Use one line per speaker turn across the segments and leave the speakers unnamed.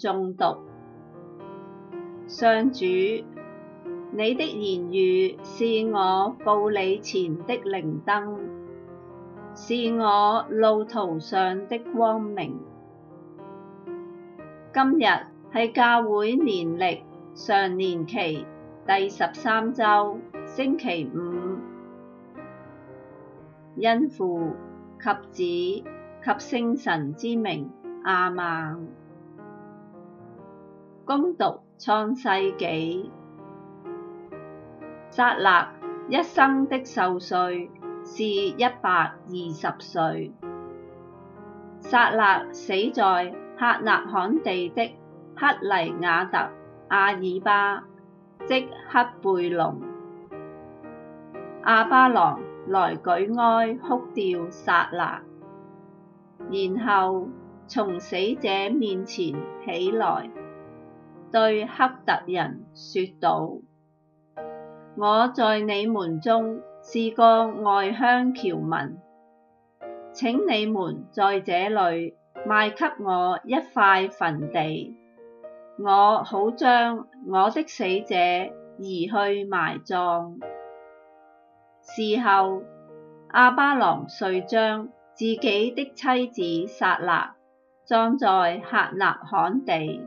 誦讀上主，你的言語是我步履前的靈燈，是我路途上的光明。今日係教會年曆上常年期第十三周星期五，因父及子及聖神之名，阿孟。恭讀創世紀。撒辣一生的壽數是一百二十歲。撒辣死在客納罕地的克黎雅特阿爾巴，即赫貝龍。亞巴郎來舉哀哭弔撒辣，然後從死者面前起來。對赫特人說道：我在你們中是個外鄉僑民，請你們在這裡賣給我一塊墳地，我好將我的死者移去埋葬。事後，亞巴郎遂將自己的妻子撒辣葬在客納罕地，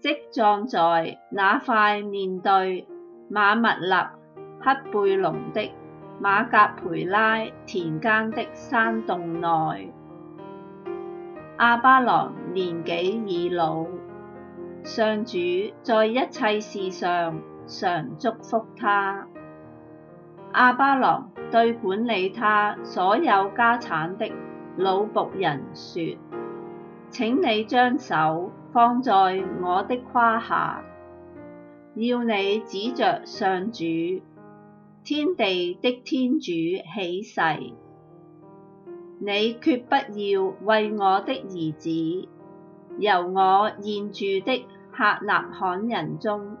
即葬在那塊面對瑪默勒赫貝龍的瑪革培拉田間的山洞內。亞巴郎年紀已老，上主在一切事上常祝福他。亞巴郎對管理他所有家產的老僕人說。請你將手放在我的胯下，要你指着上主、天地的天主起誓，你決不要為我的兒子，由我現住的客納罕人中，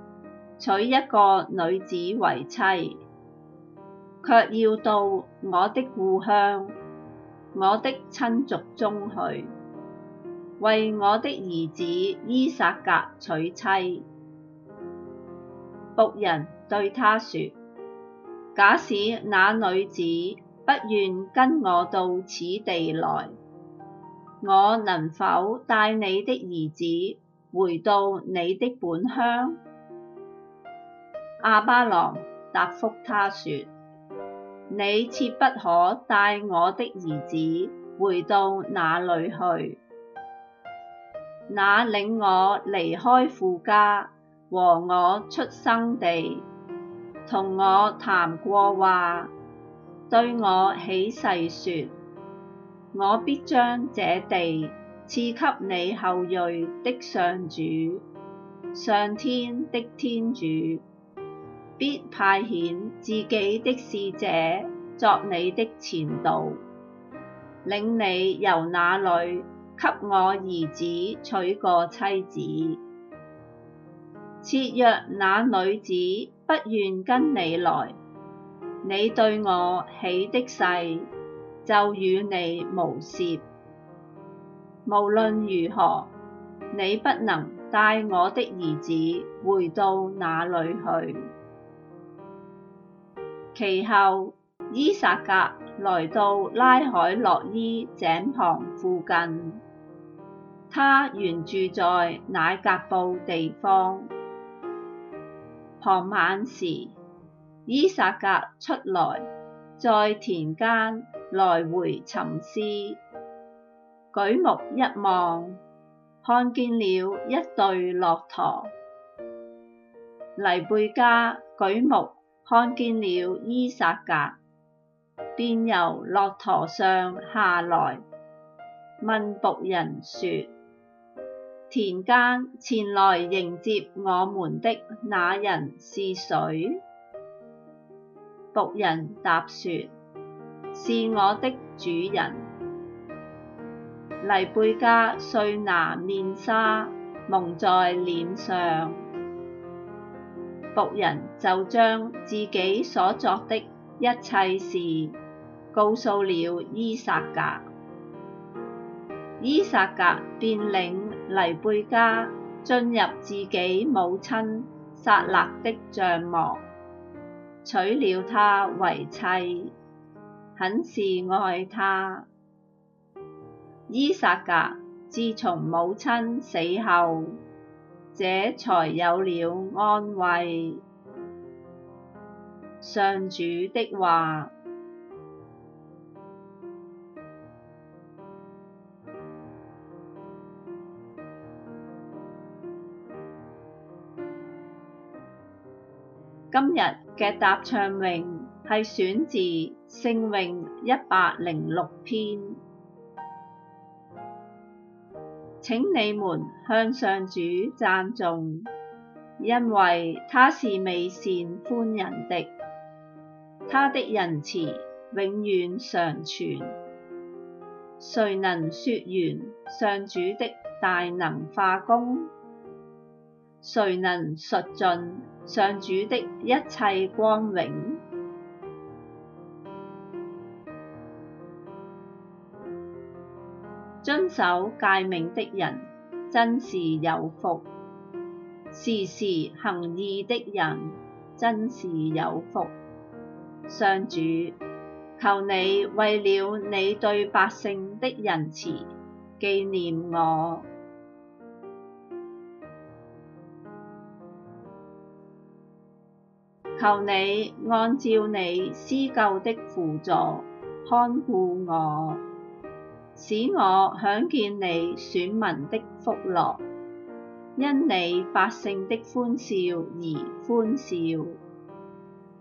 娶一個女子為妻，卻要到我的故鄉、我的親族中去。為我的兒子依撒格娶妻。僕人對他說：「假使那女子不願跟我到此地來，我能否帶你的兒子回到你的本鄉？」亞巴郎答覆他說：「你切不可帶我的兒子回到那裏去。」那領我離開父家和我出生地，同我談過話，對我起誓說：我必將這地賜給你後裔的上主，上天的天主必派遣自己的使者作你的前導，領你由那裏。給我兒子娶個妻子。設若那女子不願跟你來，你對我起的誓就與你無涉。無論如何，你不能帶我的兒子回到那裏去。其後，依撒格來到拉海洛依井旁附近。他原住在乃革布地方。傍晚時，依撒格出來，在田間來回沉思。舉目一望，看見了一隊駱駝。黎貝加舉目看見了依撒格，便由駱駝上下來，問僕人說。田間前來迎接我們的那人是誰？僕人答說：是我的主人。黎貝加遂拿面紗蒙在臉上，僕人就將自己所作的一切事告訴了依撒格，依撒格便領，黎貝加進入自己母親撒辣的帳幕，娶了她為妻，很是愛她。依撒格自從母親死後，這才有了安慰。上主的話。今日嘅答唱詠係選自聖詠一百零六篇。請你們向上主讚頌，因為他是美善寬仁的，他的仁慈永遠常存。誰能説完上主的大能化工？誰能述盡上主的一切光榮，遵守誡命的人真是有福，時時行義的人真是有福。上主，求你為了你對百姓的仁慈，記念我。求你按照你施救的扶助，看顧我，使我享見你選民的福樂，因你百姓的歡笑而歡笑，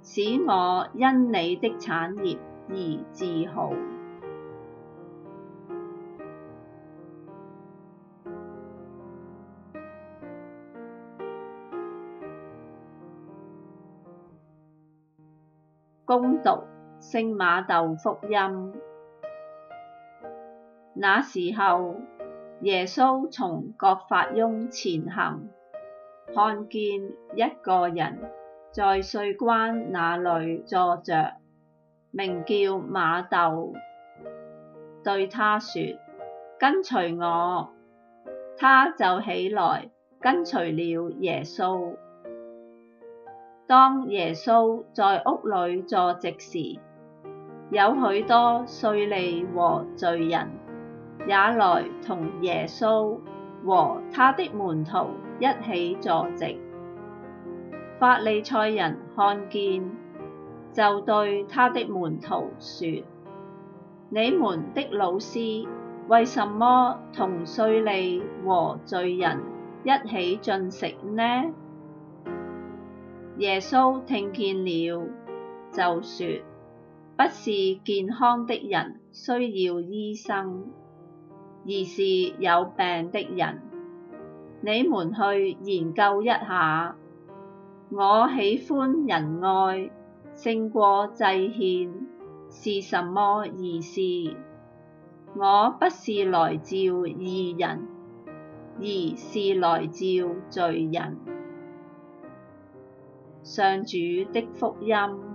使我因你的產業而自豪。恭讀聖瑪竇福音。那時候，耶穌從葛法翁前行，看見一個人在稅關那裏坐着，名叫瑪竇，對他説：「跟隨我！」他就起來，跟隨了耶穌。當耶穌在屋裏坐席時，有許多稅吏和罪人也來同耶穌和他的門徒一起坐席。法利賽人看見，就對他的門徒說：你們的老師為什麼同稅吏和罪人一起進食呢？耶穌聽見了，就説：不是健康的人需要醫生，而是有病的人。你們去研究一下。我喜歡仁愛勝過祭獻是什麼意思？我不是來召義人，而是來召罪人。上主的福音。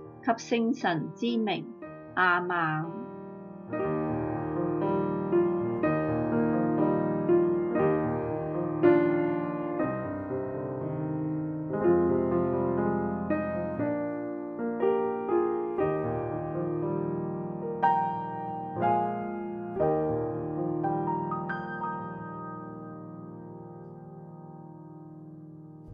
及聖神之名，阿曼。